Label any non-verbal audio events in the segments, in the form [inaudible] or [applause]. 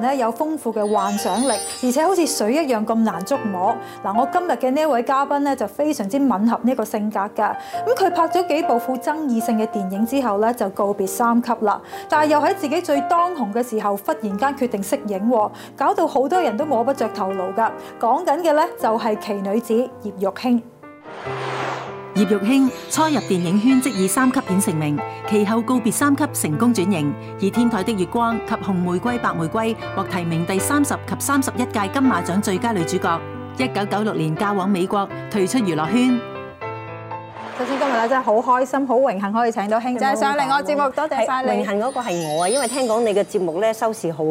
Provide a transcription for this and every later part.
咧有豐富嘅幻想力，而且好似水一樣咁難捉摸。嗱，我今日嘅呢一位嘉賓咧就非常之吻合呢個性格㗎。咁佢拍咗幾部富爭議性嘅電影之後咧就告別三級啦，但係又喺自己最當紅嘅時候忽然間決定息影，搞到好多人都摸不着頭腦㗎。講緊嘅咧就係奇女子葉玉卿。葉玉卿初入電影圈即以三級片成名，其後告別三級成功轉型，以《天台的月光》及《紅玫瑰白玫瑰》獲提名第三十及三十一屆金馬獎最佳女主角。一九九六年嫁往美國，退出娛樂圈。首先今日啊，真係好開心，好榮幸可以請到卿姐上嚟我節目，多謝曬你。榮幸嗰個係我啊，因為聽講你嘅節目咧收視好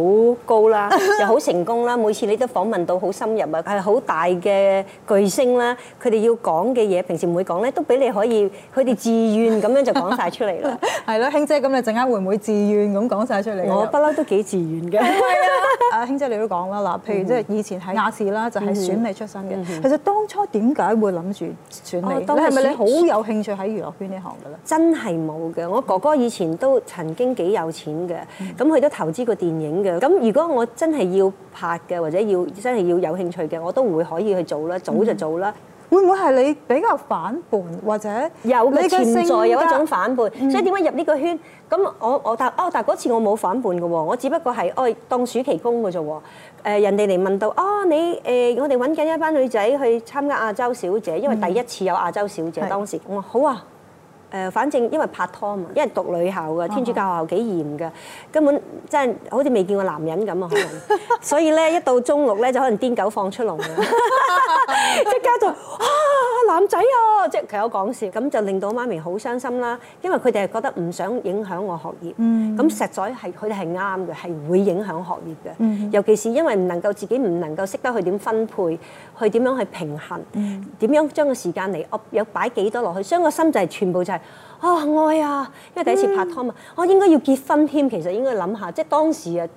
高啦， [laughs] 又好成功啦。每次你都訪問到好深入啊，係好大嘅巨星啦，佢哋要講嘅嘢，平時唔會講咧，都俾你可以，佢哋自願咁樣就講晒出嚟啦。係咯， [laughs] [laughs] [laughs] [laughs] [laughs] [laughs] 卿姐，咁你陣間會唔會，會自願咁講晒出嚟？我不嬲都幾自願嘅。係 [laughs] 啊，啊卿姐你都講啦嗱，譬如即係以前喺亞視啦，就係選美出身嘅。Uh, mm hmm. 其實當初點解會諗住選美？啊、你係咪你好有興趣喺娛樂圈呢行㗎啦，真係冇嘅。我哥哥以前都曾經幾有錢嘅，咁佢、嗯、都投資過電影嘅。咁如果我真係要拍嘅，或者要真係要有興趣嘅，我都會可以去做啦，早就做啦。嗯會唔會係你比較反叛或者有個潛在有一種反叛？嗯、所以點解入呢個圈？咁我我答，哦但嗰次我冇反叛嘅喎，我只不過係哦、哎、當暑期工嘅啫喎。人哋嚟問到哦你誒、呃、我哋揾緊一班女仔去參加亞洲小姐，因為第一次有亞洲小姐，嗯、當時係我話好啊。誒、呃，反正因為拍拖啊嘛，因為讀女校嘅，哦、喻天主教學校幾嚴嘅，根本即係好似未見過男人咁啊，可能， [laughs] 所以咧一到中六咧就可能癲狗放出籠， [laughs] 即刻就啊男仔啊，即、就、係、是、佢有講笑，咁就令到媽咪好傷心啦。因為佢哋係覺得唔想影響我學業，咁實在係佢哋係啱嘅，係會影響學業嘅，嗯、尤其是因為唔能夠自己唔能夠識得去點分配，去點樣去平衡，點樣將個時間嚟 u 有擺幾多落去，所以個心就係全部就係、是。啊、哦、愛啊，因為第一次拍拖嘛，我、嗯哦、應該要結婚添。其實應該諗下，即係當時啊，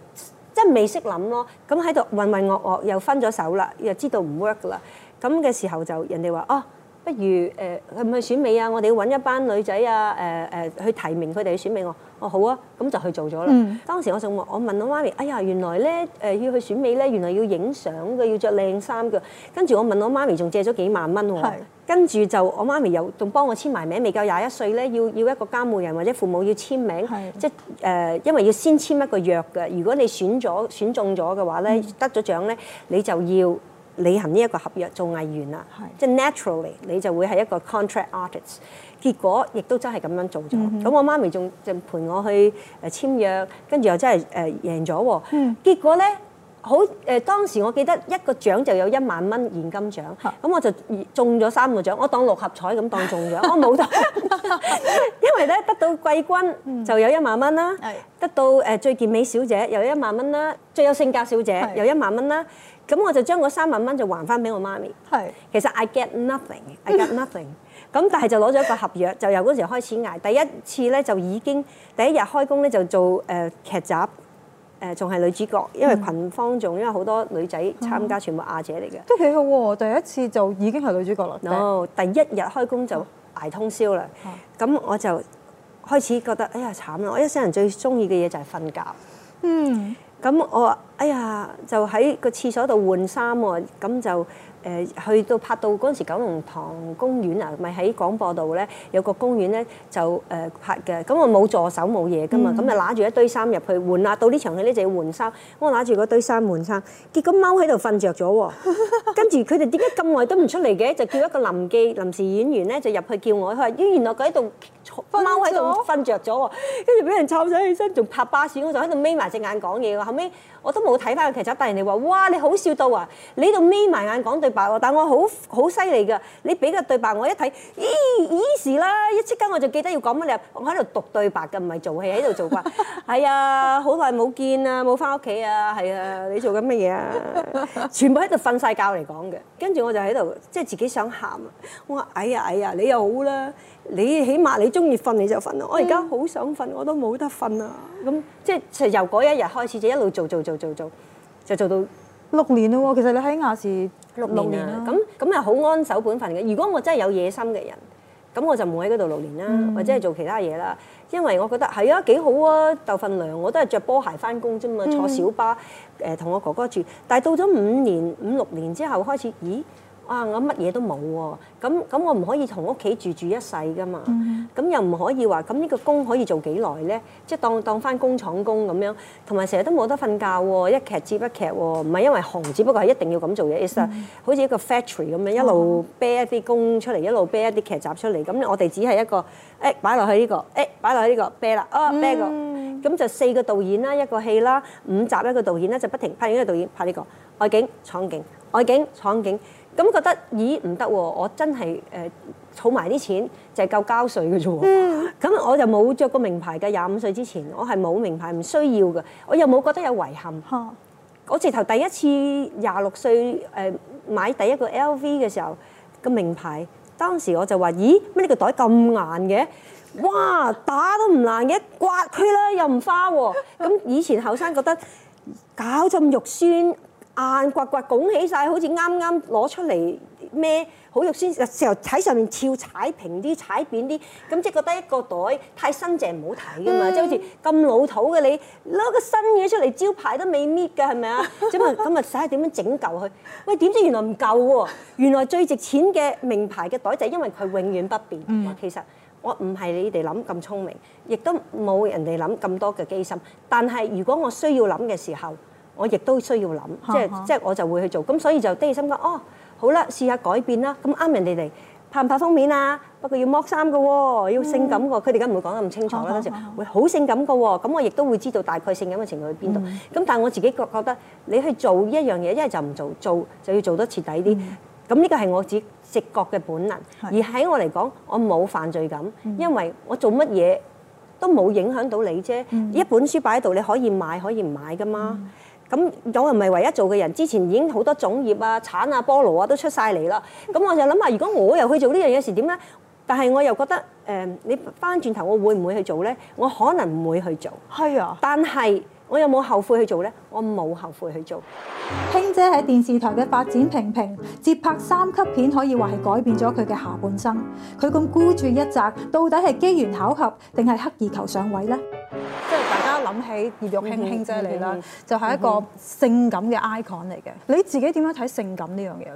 即係未識諗咯。咁喺度渾渾噩噩又分咗手啦，又知道唔 work 噶啦。咁嘅時候就人哋話：哦，不如誒、呃啊啊呃呃、去唔去選美啊？我哋要搵一班女仔啊，誒誒去提名佢哋去選美我。哦，好啊，咁就去做咗啦。嗯、當時我仲問，我問我媽咪，哎呀，原來咧誒、呃、要去選美咧，原來要影相嘅，要着靚衫嘅。跟住我問我媽咪，仲借咗幾萬蚊喎。跟住是就我媽咪又仲幫我簽埋名。未夠廿一歲咧，要要一個監護人或者父母要簽名，是即係誒、呃，因為要先簽一個約嘅。如果你選咗、選中咗嘅話咧，嗯、得咗獎咧，你就要。履行呢一個合約做藝員啦，的即係 naturally 你就會係一個 contract artist。結果亦都真係咁樣做咗。咁、嗯、我媽咪仲就陪我去誒、呃、簽約，跟住又真係誒、呃、贏咗、啊。嗯、結果呢，好誒、呃、當時我記得一個獎就有一萬蚊現金獎，咁的我就中咗三個獎，我當六合彩咁當中獎。嗯、我冇得， [laughs] 因為咧得到季軍就有一萬蚊啦，嗯、得到誒、呃、最健美小姐又有一萬蚊啦的，最有性格小姐又有一萬蚊啦。咁我就將嗰三萬蚊就還翻俾我媽咪。係是，其實 I get nothing，I get nothing。咁 [laughs] 但係就攞咗一個合約，就由嗰時候開始捱。第一次咧就已經第一日開工咧就做誒、呃、劇集，誒仲係女主角，因為群芳仲因為好多女仔參加，嗯、全部亞姐嚟嘅。都幾好第一次就已經係女主角啦。n、no，第一日開工就捱通宵啦。咁、嗯、我就開始覺得哎呀慘啦！我一世人最中意嘅嘢就係瞓覺。嗯。咁我話哎呀就喺個廁所度換衫喎，咁就誒去到拍到嗰陣時九龍塘公園啊，咪喺廣播道咧有個公園咧就誒拍嘅。咁我冇助手冇嘢噶嘛，咁咪揦住一堆衫入去換啦。到呢場戲咧就要換衫，我揦住嗰堆衫換衫，結果貓喺度瞓著咗喎，跟住佢哋點解咁耐都唔出嚟嘅？就叫一個臨記臨時演員咧就入去叫我，佢話，原來佢喺度。貓喺度瞓着咗喎，跟住俾人摷醒起身，仲拍巴士，我就喺度眯埋隻眼講嘢喎。後尾我都冇睇翻個劇集，但人哋話：哇，你好笑到啊！你度眯埋眼講對白喎，但我好好犀利噶。你俾個對白我一睇，咦咦，易啦，一即刻我就記得要講乜嘢。我喺度讀對白嘅，唔係做戲喺度做㗎。係啊、 [laughs] 哎，好耐冇見啊，冇翻屋企啊，係、哎、啊，你做緊乜嘢啊？全部喺度瞓晒覺嚟講嘅，跟住我就喺度，即係自己想喊啊！我話：哎呀，哎呀，你又好啦。你起碼你中意瞓你就瞓咯，嗯，我而家好想瞓我都冇得瞓啊！咁即係由嗰一日開始就一路做做做做做，就做到六年咯喎。其實你喺亞視六六年咁，咁又好安守本份嘅。如果我真係有野心嘅人，咁我就唔會喺嗰度六年啦，嗯、或者係做其他嘢啦。因為我覺得係啊幾好啊，鬥份糧我都係着波鞋翻工啫嘛，嗯、坐小巴誒同，呃、我哥哥住。但係到咗五年五六年之後開始，咦？啊！我乜嘢都冇喎、啊，咁咁我唔可以同屋企住住一世噶嘛？咁、mm hmm. 又唔可以話咁呢個工可以做幾耐咧？即係當當返工廠工咁樣，同埋成日都冇得瞓覺喎、啊，一劇接一劇喎、啊，唔係因為紅，只不過係一定要咁做嘢。其實好似一個 factory 咁樣、mm hmm. 一一，一路啤一啲工出嚟，一路啤一啲劇集出嚟。咁、mm hmm. 我哋只係一個誒擺落去呢、呢個誒擺落去呢個啤啦，哦，啤個咁、mm hmm. 就四個導演啦，一個戲啦，五集一個導演咧就不停拍呢個導演拍呢個，拍個，拍個外景廠景外景廠景。咁覺得咦唔得喎！我真係誒儲埋啲錢就係夠交稅嘅啫喎。嗯，咁我就冇著過名牌嘅。廿五歲之前我係冇名牌，唔需要嘅。我又冇覺得有遺憾。嚇，我直頭第一次廿六歲誒買第一個 LV 嘅時候個名牌，當時我就話：咦，乜呢個袋咁硬嘅？哇，打都唔爛嘅，刮佢啦又唔花喎。咁以前後生覺得搞咁肉酸。硬刮刮拱起晒，好似啱啱攞出嚟咩？好肉酸，就踩上面跳踩平啲、踩扁啲，咁即係覺得一個袋太新淨唔好睇噶嘛，即係好似咁老土嘅你攞個新嘢出嚟，招牌都未搣㗎，係咪啊？咁啊咁啊，使下點樣整舊佢？喂，點知原來唔夠喎、啊？原來最值錢嘅名牌嘅袋就係因為佢永遠不變。嗯、其實我唔係你哋諗咁聰明，亦都冇人哋諗咁多嘅機心。但係如果我需要諗嘅時候，我亦都需要諗，即係即係我就會去做，咁所以就低心講哦，好啦，試下改變啦。咁啱人哋嚟拍唔拍封面啊？不過要剝衫㗎喎，要性感㗎。佢哋梗唔會講得咁清楚啦，當時會好性感㗎喎。咁我亦都會知道大概性感嘅程度喺邊度。咁但係我自己覺覺得你去做一樣嘢，一係就唔做，做就要做得徹底啲。咁呢個係我自己直覺嘅本能，而喺我嚟講，我冇犯罪感，因為我做乜嘢都冇影響到你啫。一本書擺喺度，你可以買可以唔買㗎嘛。咁我又唔係唯一做嘅人，之前已經好多種業啊、橙啊、菠蘿啊都出晒嚟啦。咁、嗯、我就諗下，如果我又去做呢樣嘢時點呢？但係我又覺得，誒、呃，你翻轉頭我會唔會去做呢？我可能唔會去做。係啊，但係我有冇後悔去做呢？我冇後悔去做。卿姐喺電視台嘅發展平平，接拍三級片可以話係改變咗佢嘅下半生。佢咁孤注一擲，到底係機緣巧合定係刻意求上位咧？ [music] 諗起葉玉卿卿姐你啦，就係一個性感嘅 icon 嚟嘅。你自己點樣睇性感呢樣嘢咧？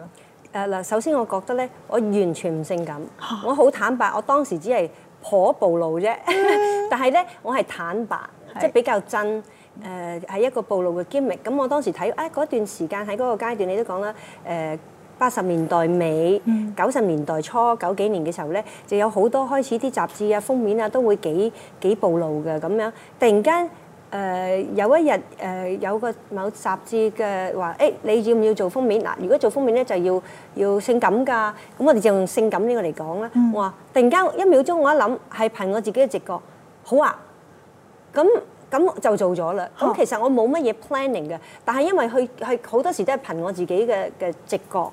誒嗱，首先我覺得咧，我完全唔性感，我好坦白。我當時只係頗暴露啫，但係咧，我係坦白，即係比較真。誒，係一個暴露嘅 gimmick。咁我當時睇誒嗰段時間喺嗰個階段，你都講啦，誒，八十年代尾、九十年代初九幾年嘅時候咧，就有好多開始啲雜誌啊封面啊都會幾幾暴露嘅咁樣，突然間。誒、uh, 有一日誒、uh, 有個某雜誌嘅話，誒、hey, 你要唔要做封面？嗱，如果做封面咧，就要要性感噶。咁我哋就用性感呢個嚟講啦。嗯、我話突然間一秒鐘，我一諗係憑我自己嘅直覺，好啊。咁咁就做咗啦。咁好其實我冇乜嘢 planning 嘅，但係因為佢佢好多時都係憑我自己嘅嘅直覺，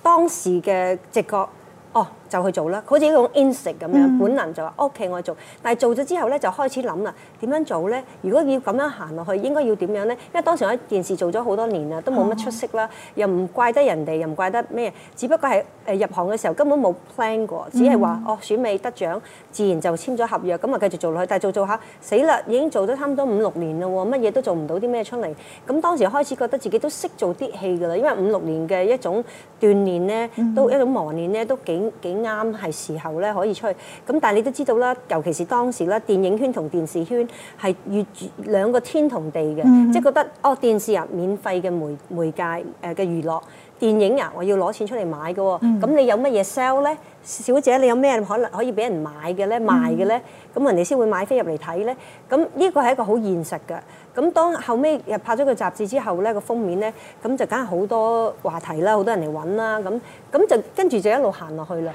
當時嘅直覺。哦，就去做啦，好似一種 instinct 咁樣，本能就話 OK，我做。但係做咗之後咧，就開始諗啦，點樣做咧？如果要咁樣行落去，應該要點樣咧？因為當時我喺電視做咗好多年啦，都冇乜出息啦，又唔怪得人哋，又唔怪得咩，只不過係誒入行嘅時候根本冇 plan 過，只係話哦選美得獎，自然就簽咗合約，咁啊繼續做落去。但係做做下死啦，已經做咗差唔多五六年啦喎，乜嘢都做唔到啲咩出嚟。咁當時開始覺得自己都識做啲戲噶啦，因為五六年嘅一種鍛鍊咧，都一種磨練咧，都幾幾啱係時候咧，可以出去，咁但係你都知道啦，尤其是當時咧，電影圈同電視圈係越住兩個天同地嘅，嗯、哼即係覺得哦，電視啊，免費嘅媒媒介誒嘅娛樂。呃電影啊，我要攞錢出嚟買嘅，咁、嗯、你有乜嘢 sell 咧？小姐，你有咩可能可以俾人買嘅咧、嗯、賣嘅咧？咁人哋先會買飛入嚟睇咧。咁呢個係一個好現實嘅。咁當後尾拍咗個雜誌之後咧，個封面咧，咁就梗係好多話題啦，好多人嚟揾啦。咁咁就跟住就一路行落去啦。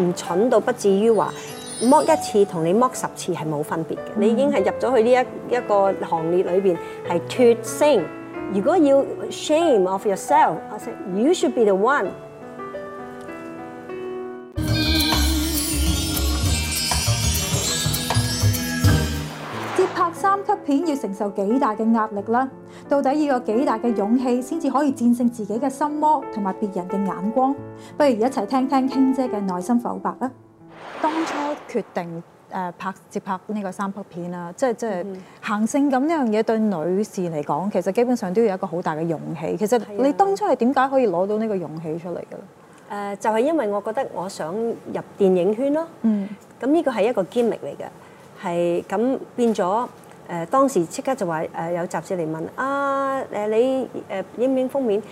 唔蠢到不至於話剝一次同你剝十次係冇分別嘅。嗯、你已經係入咗去呢一一個行列裏邊係脫星。如果要 shame of yourself，I say you should be the one。接拍三級片要承受幾大嘅壓力啦？到底要有幾大嘅勇氣先至可以戰勝自己嘅心魔同埋別人嘅眼光？不如一齊聽聽卿姐嘅內心剖白啦。當初決定。誒、呃、拍接拍呢個三級片啦、啊，即係即係行性感呢樣嘢對女士嚟講，其實基本上都要有一個好大嘅勇氣。其實你當初係點解可以攞到呢個勇氣出嚟嘅咧？誒、呃，就係、是、因為我覺得我想入電影圈咯。嗯。咁呢個係一個 gimmick 嚟嘅，係咁變咗誒、呃。當時即刻就話誒、呃，有雜誌嚟問啊誒，你誒影唔影封面？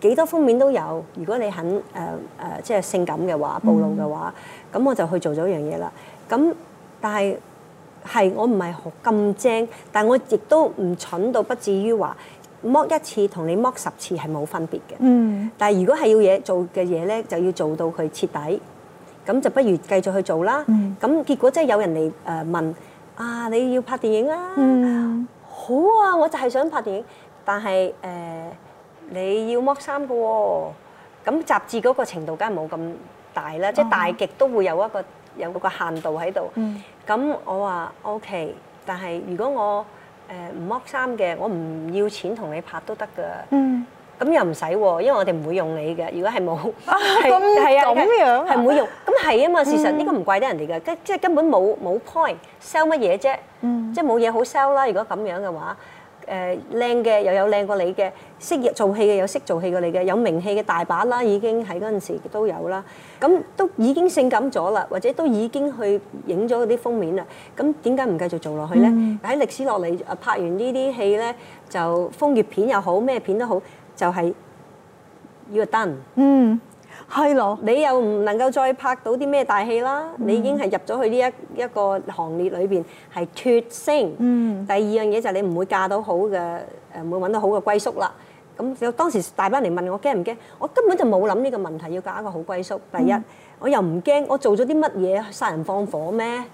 幾多封面都有。如果你肯誒誒、呃呃，即係性感嘅話、暴露嘅話，咁、嗯、我就去做咗一樣嘢啦。咁，但係係我唔係學咁精，但我亦都唔蠢到不至於話剝一次同你剝十次係冇分別嘅。嗯。但係如果係要嘢做嘅嘢咧，就要做到佢徹底，咁就不如繼續去做啦。嗯。咁結果即係有人嚟誒問啊，你要拍電影啊？嗯。好啊，我就係想拍電影，但係誒你要剝衫嘅喎，咁雜誌嗰個程度梗係冇咁大啦，即係大極都會有一個。有嗰個限度喺度，咁、嗯、我話 OK，但係如果我誒唔剝衫嘅，我唔要錢同你拍都得㗎，咁、嗯、又唔使喎，因為我哋唔會用你嘅。如果係冇，係咁、啊、是樣，係唔會用，咁係啊嘛。事實呢個唔怪得人哋嘅，即係根本冇冇 point sell 乜嘢啫，嗯、即係冇嘢好 sell 啦。如果咁樣嘅話。誒靚嘅又有靚過你嘅，識做戲嘅有識做戲過你嘅，有名氣嘅大把啦，已經喺嗰陣時都有啦。咁都已經性感咗啦，或者都已經去影咗嗰啲封面啦。咁點解唔繼續做落去咧？喺、嗯、歷史落嚟，拍完呢啲戲咧，就風月片又好，咩片都好，就係要 down。嗯。係咯，你又唔能夠再拍到啲咩大戲啦？Mm hmm. 你已經係入咗去呢一一個行列裏邊係脫星。Mm hmm. 第二樣嘢就係你唔會嫁到好嘅，唔、呃、會揾到好嘅歸宿啦。咁當時大班嚟問我驚唔驚，我根本就冇諗呢個問題要嫁一個好歸宿。第一，mm hmm. 我又唔驚，我做咗啲乜嘢殺人放火咩？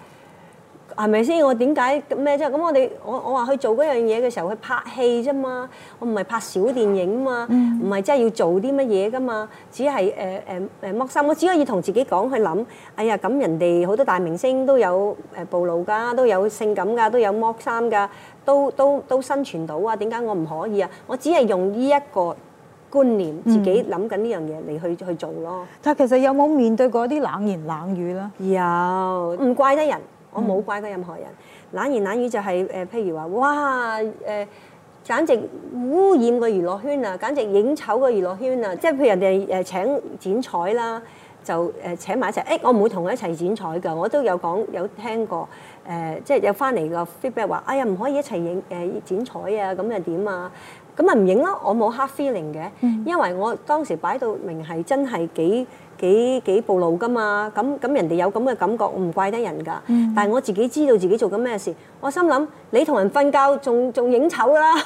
係咪先？我點解咩啫？咁我哋我我話去做嗰樣嘢嘅時候，去拍戲啫嘛。我唔係拍小電影啊嘛，唔係真係要做啲乜嘢噶嘛。只係誒誒誒剝衫，我只可以同自己講去諗。哎呀，咁人哋好多大明星都有誒暴露㗎，都有性感㗎，都有剝衫㗎，都都都生存到啊？點解我唔可以啊？我只係用呢一個觀念，自己諗緊呢樣嘢嚟去去做咯。但其實有冇面對過啲冷言冷語咧？有，唔怪得人。我冇怪過任何人，冷言冷語就係、是、誒，譬、呃、如話哇誒、呃，簡直污染個娛樂圈啊，簡直影醜個娛樂圈啊，即係譬如人哋誒、呃、請剪彩啦，就誒、呃、請埋一齊，誒、欸、我唔會同佢一齊剪彩㗎，我都有講有聽過。誒、呃、即係有翻嚟個 feedback 話，哎呀唔可以一齊影誒剪彩啊，咁又點啊？咁咪唔影咯，我冇黑 feeling 嘅，mm hmm. 因為我當時擺到明係真係幾幾幾暴露噶嘛。咁咁人哋有咁嘅感覺，我唔怪得人噶。Mm hmm. 但係我自己知道自己做緊咩事，我心諗你同人瞓覺仲仲影醜噶啦。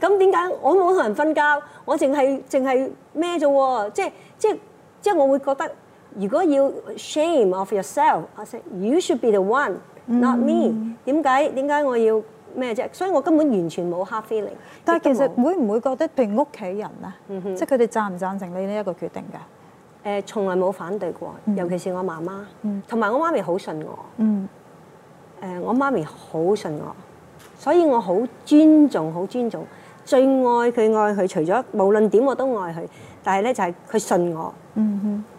咁點解我冇同人瞓覺？我淨係淨係咩啫喎？即係即即我會覺得，如果要 shame of yourself，I say you should be the one。Not me，點解點解我要咩啫？所以我根本完全冇 hard feeling。但係其實會唔會覺得對屋企人咧？即係佢哋贊唔贊成你呢一個決定嘅？誒，從來冇反對過，尤其是我媽媽，同埋我媽咪好信我。誒，我媽咪好信我，所以我好尊重，好尊重，最愛佢愛佢，除咗無論點我都愛佢。但係咧就係佢信我。嗯哼。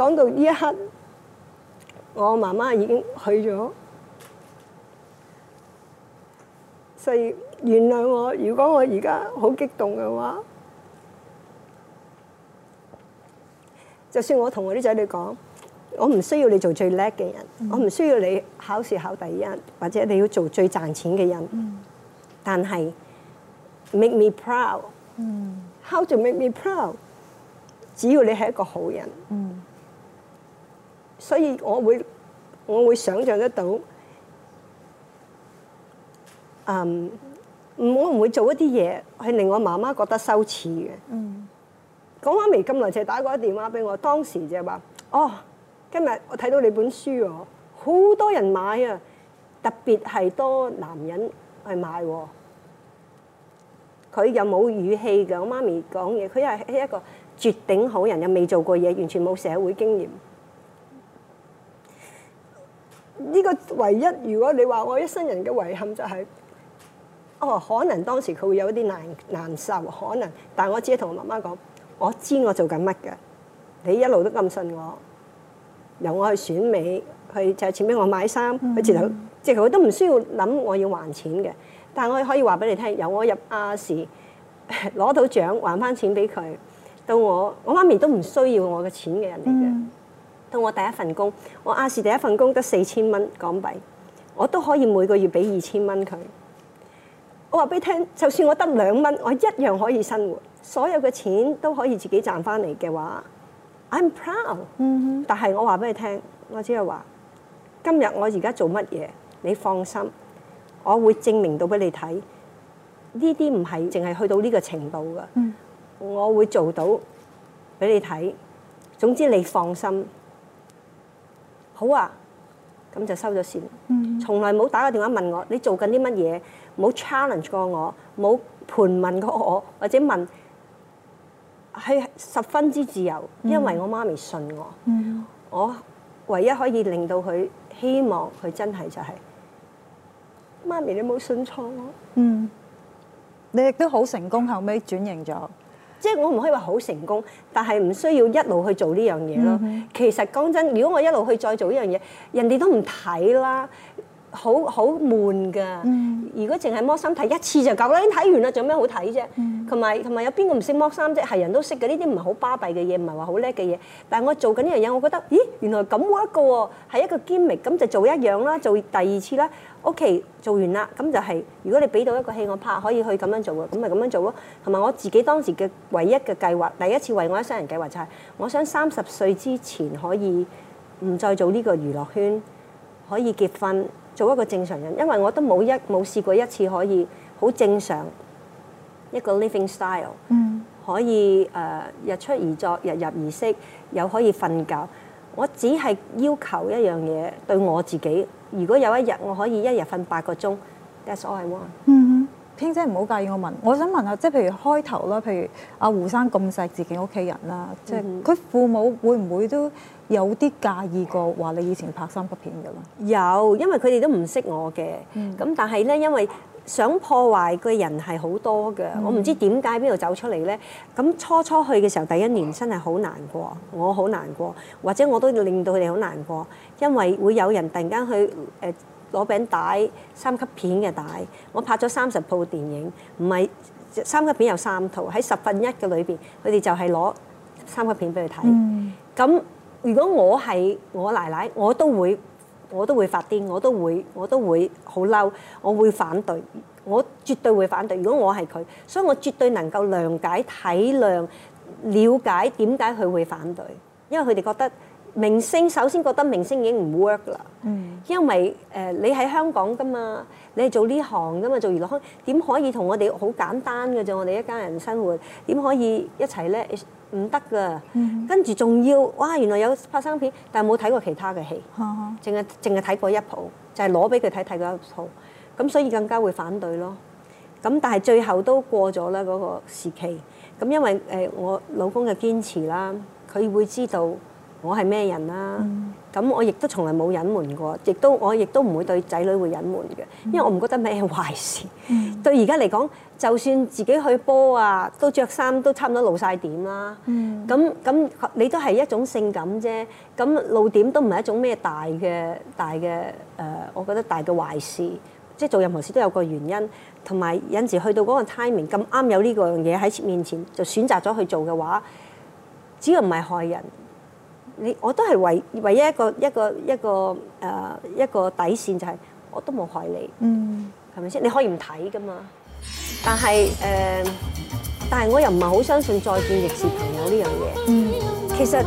講到呢一刻，我媽媽已經去咗，所以原諒我。如果我而家好激動嘅話，就算我同我啲仔女講，我唔需要你做最叻嘅人，嗯、我唔需要你考試考第一，或者你要做最賺錢嘅人。嗯、但係 make me proud，how、嗯、to make me proud？只要你係一個好人。嗯。所以，我會我會想象得到，嗯，我唔會做一啲嘢係令我媽媽覺得羞恥嘅。講返媽咪咁耐，就打個電話俾我，當時就話：哦，今日我睇到你本書喎，好多人買啊，特別係多男人去買。佢又冇語氣嘅，我媽咪講嘢，佢係係一個絕頂好人，又未做過嘢，完全冇社會經驗。呢個唯一，如果你話我一生人嘅遺憾就係、是，哦，可能當時佢會有啲難難受，可能，但係我只係同我媽媽講，我知我做緊乜嘅，你一路都咁信我，由我去選美，去就係錢俾我買衫，佢直頭，直頭佢都唔需要諗我要還錢嘅，但我可以話俾你聽，由我入亞視攞到獎還翻錢俾佢，到我我媽咪都唔需要我嘅錢嘅人嚟嘅。嗯到我第一份工，我亞視第一份工得四千蚊港幣，我都可以每個月俾二千蚊佢。我話俾你聽，就算我得兩蚊，我一樣可以生活。所有嘅錢都可以自己賺翻嚟嘅話，I'm proud、mm。Hmm. 但係我話俾你聽，我只係話今日我而家做乜嘢，你放心，我會證明到俾你睇。呢啲唔係淨係去到呢個程度㗎，mm hmm. 我會做到俾你睇。總之你放心。好啊，咁就收咗線，從來冇打個電話問我，你做緊啲乜嘢？冇 challenge 過我，冇盤問過我，或者問，係十分之自由，因為我媽咪信我，我唯一可以令到佢希望佢真係就係，媽咪你冇信錯我，嗯，你亦都好成功，後尾轉型咗。即係我唔可以話好成功，但係唔需要一路去做呢樣嘢咯。Mm hmm. 其實講真，如果我一路去再做呢樣嘢，人哋都唔睇啦。好好悶噶，如果淨係剝衫睇一次就夠啦，你睇完啦，做咩好睇啫？同埋同埋有邊個唔識剝衫啫？係人都識嘅，呢啲唔係好巴閉嘅嘢，唔係話好叻嘅嘢。但係我做緊呢樣嘢，我覺得，咦，原來咁 work 嘅喎，係一個 gimmick，咁就做一樣啦，做第二次啦。OK，做完啦，咁就係如果你俾到一個戲我拍，可以去咁樣做嘅，咁咪咁樣做咯。同埋我自己當時嘅唯一嘅計劃，第一次為我一生人計劃就係，我想三十歲之前可以唔再做呢個娛樂圈，可以結婚。做一個正常人，因為我都冇一冇試過一次可以好正常一個 living style，mm. 可以誒、uh, 日出而作日入而息，又可以瞓覺，我只係要求一樣嘢對我自己。如果有一日我可以一日瞓八個鐘 That's all I want。Mm. 卿姐唔好介意我問，我想問下，即係譬如開頭啦，譬如阿、啊、胡生咁錫自己屋企人啦，mm hmm. 即係佢父母會唔會都有啲介意過話你以前拍三級片嘅咧？有，因為佢哋都唔識我嘅。咁、mm hmm. 但係呢，因為想破壞嘅人係好多嘅，mm hmm. 我唔知點解邊度走出嚟呢？咁初初去嘅時候，第一年真係好難過，我好難過，或者我都令到佢哋好難過，因為會有人突然間去誒。呃攞餅帶三級片嘅帶，我拍咗三十套電影，唔係三級片有三套喺十分一嘅裏邊，佢哋就係攞三級片俾佢睇。咁如果我係我奶奶，我都會，我都會發癲，我都會，我都會好嬲，我會反對，我絕對會反對。如果我係佢，所以我絕對能夠諒解、體諒、了解點解佢會反對，因為佢哋覺得。明星首先覺得明星已經唔 work 啦，嗯、因為誒、呃、你喺香港噶嘛，你係做呢行噶嘛，做娛樂圈點可以同我哋好簡單嘅啫？我哋一家人生活點可以一齊咧？唔得噶，嗯、跟住仲要哇！原來有拍生片，但係冇睇過其他嘅戲，淨係淨係睇過一套，就係攞俾佢睇，睇過一套。咁所以更加會反對咯。咁但係最後都過咗啦嗰個時期，咁因為誒、呃、我老公嘅堅持啦，佢會知道。我係咩人啦、啊？咁、嗯、我亦都從來冇隱瞞過，亦都我亦都唔會對仔女會隱瞞嘅，因為我唔覺得咩壞事。嗯、對而家嚟講，就算自己去波啊，都着衫都差唔多露晒點啦、啊。咁咁、嗯、你都係一種性感啫。咁露點都唔係一種咩大嘅大嘅誒、呃，我覺得大嘅壞事。即、就、係、是、做任何事都有個原因，同埋有時去到嗰個 timing 咁啱，有呢個樣嘢喺面前，就選擇咗去做嘅話，只要唔係害人。你我都係唯唯一一個一個一個誒、呃、一個底線就係、是、我都冇害你。嗯，係咪先？你可以唔睇噶嘛，但係誒、呃，但係我又唔係好相信再見亦是朋友呢樣嘢，其實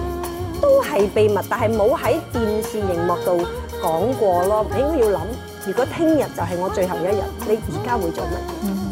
都係秘密，但係冇喺電視熒幕度講過咯。你應該要諗，如果聽日就係我最後一日，你而家會做乜？嗯